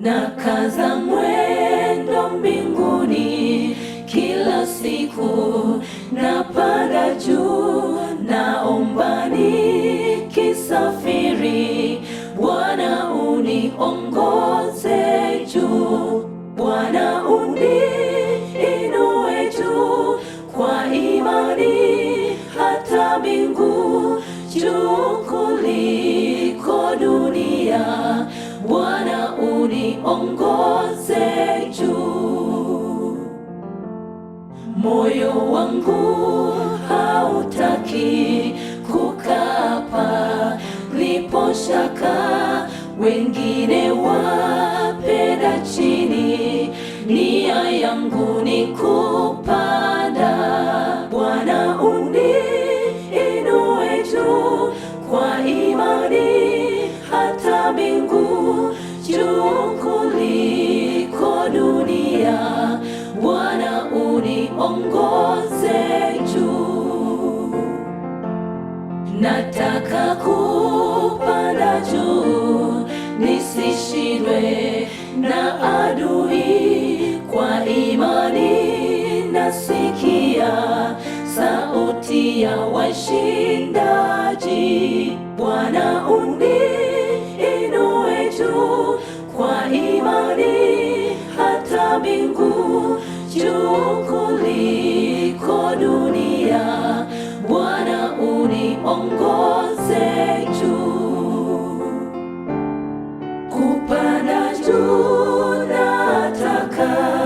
na kaza mwendo mbinguni kila siku, napanda juu, naomba nikisafiri. Bwana uniongoze juu, Bwana uniinue juu kwa imani hata mbingu juu kuliko moyo wangu hautaki kukapa, lipo shaka, wengine wapenda chini, nia yangu ni kupanda. Bwana uniinue juu kwa imani, hata mbingu juu kuliko dunia. Nataka kupanda juu nisishindwe na adui, kwa imani nasikia sauti ya washindaji. Bwana uniinue juu kwa imani, hata mbingu juu kuliko dunia Come.